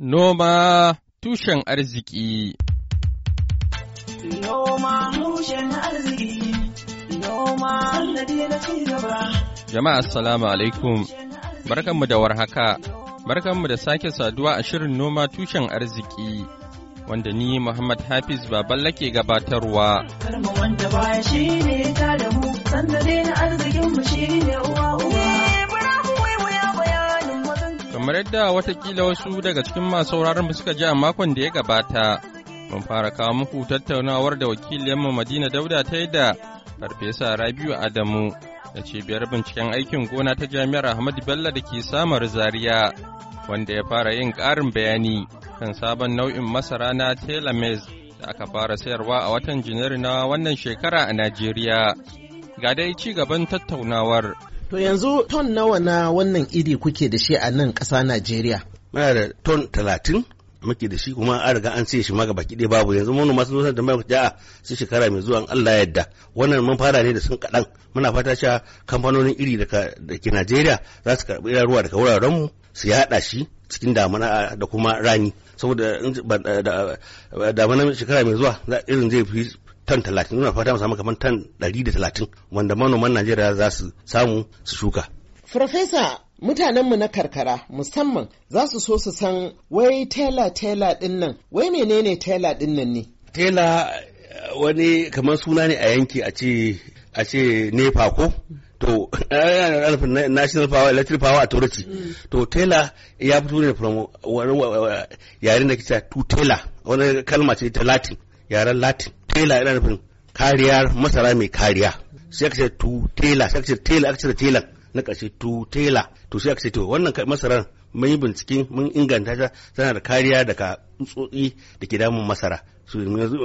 Noma tushen arziki Noma tushen arziki Noma Jama'a assalamu alaikum barkanmu da warhaka barkanmu da sake saduwa a shirin noma tushen arziki wanda ni Muhammad Hafiz Baballa ke gabatarwa Karma wanda baya shi ne ta da mu sanda na arzikin mu shi ne uwa uwa Kamar yadda watakila wasu daga cikin masu sauraron mu suka ji a makon da ya gabata, mun fara kawo muku tattaunawar da wakiliyanmu Madina Dauda ta yi da Farfesa Rabiu Adamu da cibiyar binciken aikin gona ta Jami'ar Ahmadu Bello da ke samar Zaria, wanda ya fara yin ƙarin bayani kan sabon nau'in masara na telamez da aka fara sayarwa a watan Janairu na wannan shekara a Najeriya. Ga dai ci gaban tattaunawar. To yanzu ton nawa na wannan iri kuke da shi a nan ƙasa Najeriya? Muna da ton talatin muke da shi kuma an riga an siya shi maga baki ɗaya babu yanzu manoma sun zo da mai a su shekara mai zuwa Allah ya yadda wannan mun fara ne da sun kaɗan muna fata cewa kamfanonin iri da ke Najeriya za su karɓi ruwa daga mu su yaɗa shi cikin damana da kuma rani saboda damana shekara mai zuwa irin zai fi tan talatin muna fata mu samu kamar tan ɗari da talatin wanda manoman najeriya za su samu su shuka Farfesa mutanenmu na karkara musamman za su so su san wai tela tela din nan wai menene tela din nan ne tela eh, wani kamar suna ne a yanki a ce a ce nepa ko to eh, national power electric power authority mm. to tela ya fito ne from yaren da kica tu tela wani kalma ce ta latin yaren latin tela yana nufin kariya masara mai kariya sai aka ce tu tela sai aka ce tela aka ce tela na ƙarshe tu tela to sai aka ce to wannan masarar mun yi bincike mun inganta ta tana da kariya daga tsotsi da ke damun masara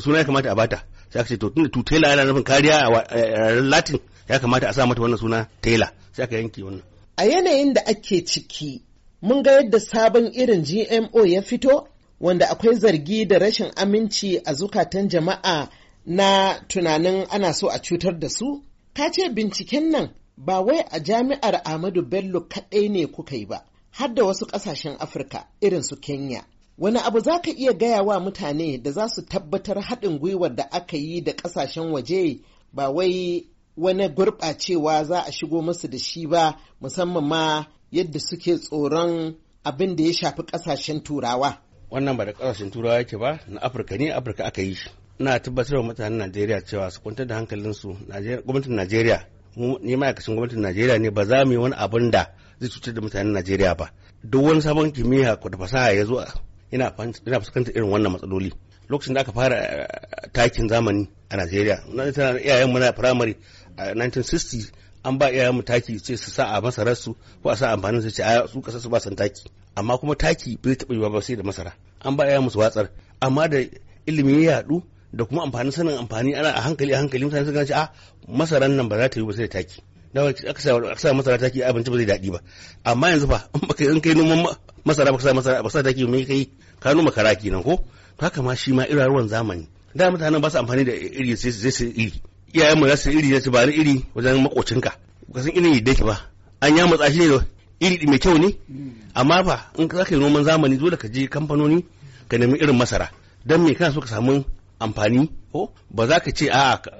suna ya kamata a bata sai aka ce to tunda tela yana nufin kariya a eh, eh, latin ya kamata a sa mata wannan suna tela sai aka yanke wannan a yanayin da ake ciki mun ga yadda sabon irin gmo ya fito wanda akwai zargi da rashin aminci a zukatan jama'a na tunanin ana so a cutar da su? Ka ce binciken nan ba wai a jami'ar Ahmadu Bello kaɗai ne kuka yi ba, har da wasu ƙasashen Afirka irin su Kenya. Wani abu za ka iya gaya wa mutane da za su tabbatar haɗin gwiwar da aka yi da ƙasashen waje ba wai wani gurɓacewa za a shigo musu da shi ba musamman ma yadda suke tsoron abin da ya shafi ƙasashen turawa. wannan ba da ƙasashen turawa yake ba na afirka ne afirka aka yi shi ina tabbatar wa mutanen najeriya cewa su kwantar da hankalinsu gwamnatin najeriya ni ma'aikacin gwamnatin najeriya ne ba za mu yi wani abin da zai cutar da mutanen najeriya ba duk wani sabon kimiyya da fasaha ya zo yana fuskantar irin wannan matsaloli lokacin da aka fara eh, takin zamani a najeriya na tana iyayen na firamare a 1960 an ba iyayen mu taki ce su sa a masararsu ko a sa amfanin su ce a su kasar su ba san taki amma kuma taki bai taɓa yiwa ba sai da masara an ba ya musu watsar amma da ilimi ya yaɗu da kuma amfani sanin amfani ana a hankali a hankali mutane suka ce a ah, masaran nan ba za ta yi ba sai da taki da aka sa masara taki abinci ba zai daɗi ba amma yanzu fa in kai noman masara ba sa masara ba sa taki mai kai ka noma kara kenan ko to haka ma shi ma ruwan zamani da mutanen ba su amfani da iri sai su sai iri iyayen mu za su iri ne su ba ni iri wajen makocinka ka san irin yadda ke ba an ya matsa shi ne iri mai kyau ne hmm. amma ba in za ka yi noman zamani dole ka je kamfanoni ka nemi irin masara don me kana so ka samu amfani ko ba za ka ce a ka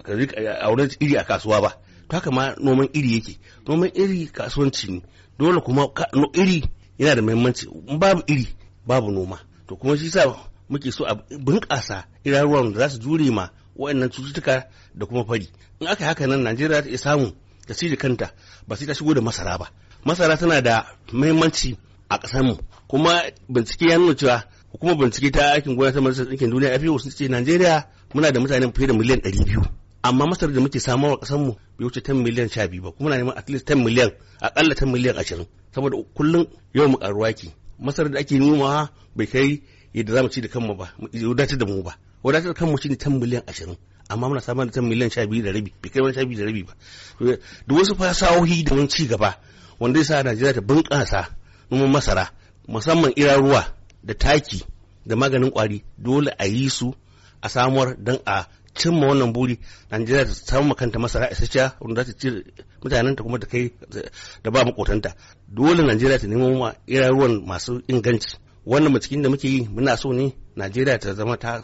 auren iri a kasuwa ba to haka ma noman iri yake noman iri kasuwanci ne dole kuma iri yana da muhimmanci babu iri babu noma to kuma shi sa muke so a bunƙasa iraruwan da za su jure ma wa'annan cututtuka da kuma fari in aka haka nan najeriya ta iya samu ta da kanta ba sai ta shigo da masara ba masara tana da muhimmanci a ƙasarmu kuma bincike ya nuna cewa hukumar bincike ta aikin gona ta majalisar ɗinkin duniya ya fi e sun ce Najeriya muna da mutane fiye da miliyan ɗari biyu amma masarar da muke samarwa ƙasarmu bai wuce 10 miliyan sha biyu ba kuma na neman at least 10 miliyan aƙalla 10 miliyan ashirin saboda kullum yawan mu ƙaruwa ke masarar da ake nomawa bai kai yadda za mu ci da kanmu ba wadatar da mu ba wadatar da kanmu shi ne 10 miliyan ashirin amma muna samar da 10 miliyan sha biyu da rabi bai kai wani sha biyu da rabi ba da wasu fasahohi da mun ci gaba wanda sa Najeriya ta bunƙasa noman masara musamman ruwa da taki da maganin kwari dole a yi su a samuwar don a cimma wannan buri Najeriya ta samu kanta masara isasshiya wanda za ta ci mutanenta kuma da kai da ba makotanta dole Najeriya ta nemo ma ruwan masu inganci wannan cikin da muke yi muna so ne Najeriya ta zama ta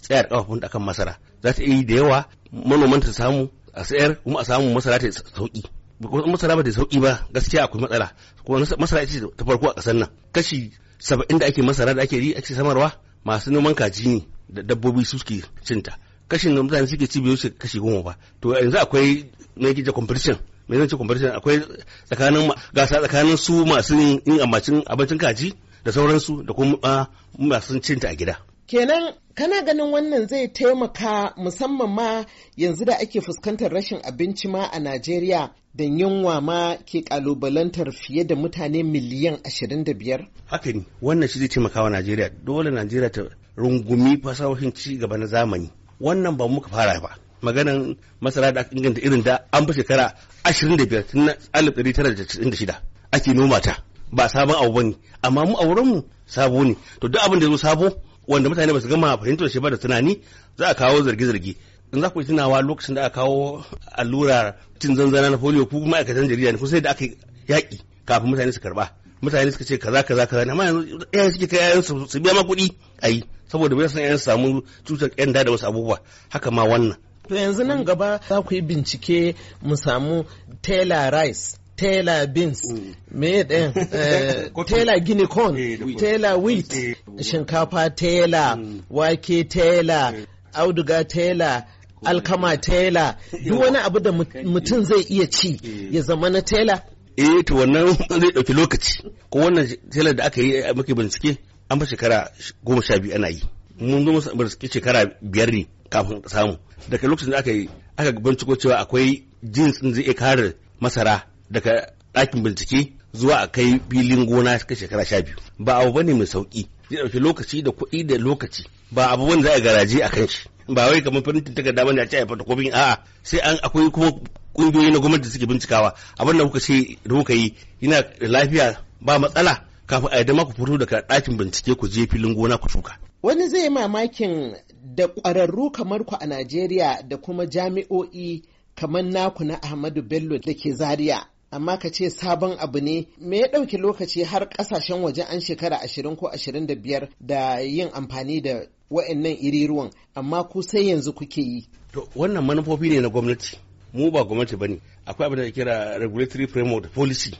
tsayar da kafafun akan masara za ta yi da yawa manoman ta samu a sayar kuma a samu masara ta sauki masara ba da sauki ba gaskiya akwai matsala kuma masara ita ta farko a kasar nan kashi saba'in da ake masara da ake yi ake samarwa masu noman kaji ne da dabbobi su suke cinta kashin da mutane suke ci biyu su kashi goma ba to yanzu akwai na gija competition me zan ci competition akwai tsakanin gasa tsakanin su masu yin amacin abincin kaji da sauransu da kuma ah, masu cinta a gida kenan kana ganin wannan zai taimaka musamman ma yanzu da ake fuskantar rashin abinci ma a Najeriya da yunwa ma ke kalubalantar fiye da mutane miliyan 25? Haka ne, wannan shi zai taimakawa Najeriya. Dole Najeriya ta rungumi fasahohin ci gaba na zamani. Wannan ba muka fara ba. Maganan masara da inganta irin da an fi shekara 25 tun 1996 ake noma ta. Ba sabon abu ba ne amma mu a mu sabo ne. To duk abin da ya zo sabo wanda mutane ba su gama fahimtar shi ba da tunani za a kawo zarge-zarge. in za ku tunawa lokacin da aka kawo allura cin zanzana na polio ku ma'aikatan jarida ne kun sai da aka yaƙi kafin mutane su karba mutane suka ce kaza kaza kaza ne amma yanzu yayan suke kai yayin su biya ma kuɗi ayi saboda bai san yayin su samu cutar ƙyanda da wasu abubuwa haka ma wannan to yanzu nan gaba za ku yi bincike mu samu taylor rice Taylor beans, mm. me ɗin, eh, Taylor guinea corn, eh, Taylor wheat, eh, shinkafa Taylor, mm. wake Taylor, auduga Taylor, alkama tela duk wani abu da mutum zai iya ci eh. ya zama na tela eh to wannan zai dauki lokaci ko wannan tela da aka yi eh, muke bincike an fa shekara goma sha biyu ana yi mun zo musu bincike shekara biyar ne kafin samu daga lokacin da aka yi aka binciko cewa akwai jins zai iya kare masara daga ɗakin bincike zuwa a kai filin gona ka shekara sha biyu ba abu bane mai sauki zai ɗauki lokaci da kuɗi da lokaci ba abu za a garaje a kan shi ba wai kamar farin takarda bane a ce a photocopying a'a sai an akwai kuma kungiyoyi na gwamnati suke bincikawa abin da kuka ce da kuka yi yana lafiya ba matsala kafin a yadda ku fito daga ɗakin bincike ku je filin gona ku shuka. Wani zai yi mamakin da ƙwararru kamar ku a Najeriya da kuma jami'o'i kamar naku na Ahmadu Bello da ke Zaria. Amma ka ce sabon abu ne, me ya ɗauki lokaci har ƙasashen waje an shekara ashirin ko ashirin da biyar da yin amfani da wa'annan ruwan amma ku sai yanzu kuke yi. To wannan manufofi ne na gwamnati mu ba gwamnati bane akwai abin da kira regulatory framework da policy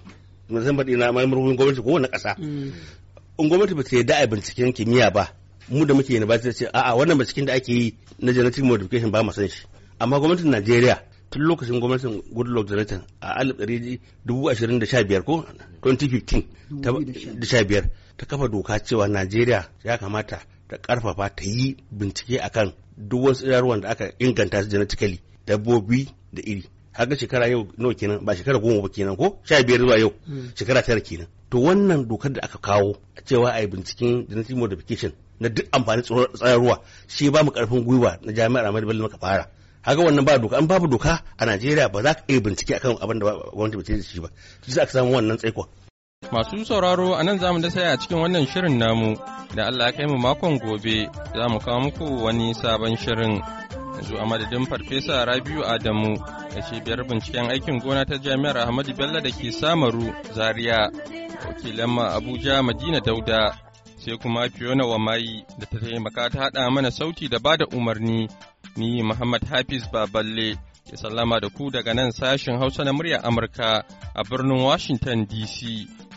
na zan baɗi na manufofin gwamnati ko wannan ƙasa. Mm. In gwamnati ba ta yarda a binciken kimiyya ba mu da muke ta ce a'a wannan binciken da ake yi na genetic modification ba mu san shi amma gwamnatin Najeriya tun lokacin gwamnatin Goodluck Jonathan a 2015 ko 2015 ta kafa doka cewa Najeriya ya kamata da karfafa ta yi bincike akan duk wasu tsirarwan da aka inganta su genetically dabbobi da iri haka shekara yau nawa kenan ba shekara goma ba kenan ko sha biyar zuwa yau hmm. shekara tara kenan to wannan dokar da aka kawo cewa a yi binciken genetic modification na duk amfani tsararwa shi ba mu karfin gwiwa na jami'ar amadu Bello maka fara haka wannan ba doka an babu doka a Najeriya ba za ka iya bincike akan abin da gwamnati ba ta yi shi ba sai aka samu wannan tsaikon Masu sauraro a nan za mu da saya a cikin wannan shirin namu, da Allah kai mu makon gobe za mu kawo muku wani sabon shirin. Yanzu a madadin Farfesa Rabiu Adamu da biyar binciken aikin gona ta Jami'ar Ahmadu Bello da ke Samaru Zaria, wakilan ma Abuja Madina Dauda, sai kuma Fiona Wamai da ta taimaka ta haɗa mana sauti da bada umarni. Ni Muhammad Hafiz Baballe ya sallama da ku daga nan sashen Hausa na murya Amurka a birnin Washington DC.